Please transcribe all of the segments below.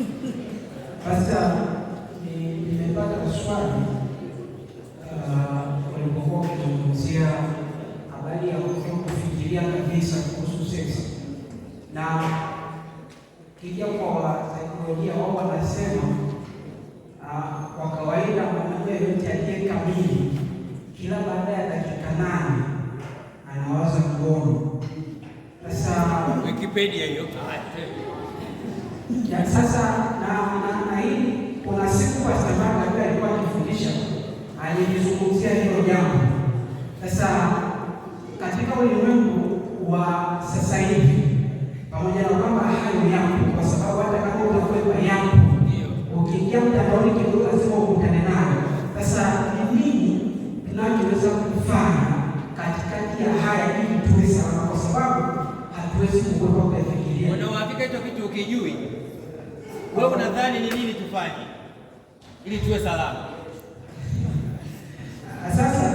Sasa nimepata swali uh, walipokuwa wakizungumzia habari ya kufikiria kabisa kuhusu seksi, na kija kwa wasaikolojia wao wanasema uh, kwa kawaida mwanaume yoyote aliye kamili kila baada ya dakika nane anawaza ngono. Sasa Wikipedia hiyo ah, ya sasa na na na hii, kuna siku kwa sababu alikuwa alikuwa akifundisha alinizungumzia hilo jambo. Sasa katika ulimwengu wa sasa hivi, pamoja na kwamba hayo yapo, kwa sababu hata kama utakuwa yapo, ukiingia mtandaoni kidogo lazima ukutane nayo. Sasa ni nini tunachoweza kufanya katikati ya haya ili tuwe salama, kwa sababu hatuwezi kuwepo peke wanauhakika hicho kitu ukijui wewe, unadhani ni nini tufanye ili tuwe salama? Sasa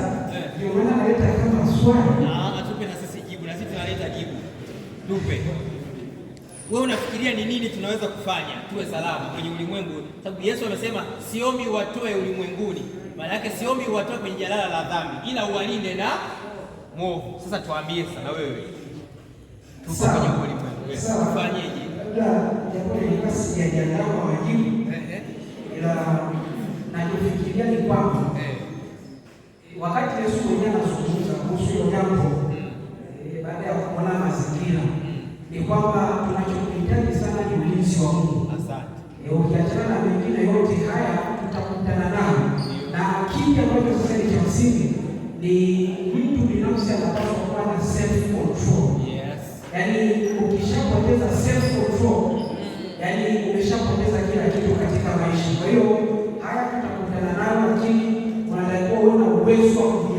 analeta kama swali, atupe na sisi jibu, na sisi tunaleta jibu. Tupe wewe, unafikiria ni nini tunaweza kufanya tuwe salama kwenye ulimwengu? Sababu Yesu amesema siombi watoe ulimwenguni, maana yake siombi watoe kwenye jalala la dhambi, ila uwalinde na mwovu. Sasa tuambie sana wewe tuko kwenye ulimwengu, tufanyeje? Sijajiandaa majibu, ila najifikiria ni kwamba wakati Yesu mwenyewe anazungumza kuhusu hilo jambo, eh, baada ya kuona mazingira, ni kwamba tunachohitaji sana ni ulinzi wa Mungu. Eh, ukiachana na mengine yote haya tutakutana nayo, na kile ambacho sasa ni cha msingi ni umeshapoteza self control, yaani umeshapoteza kila kitu katika maisha. Kwa hiyo haya tutakutana nayo, lakini unatakiwa uwe na uwezo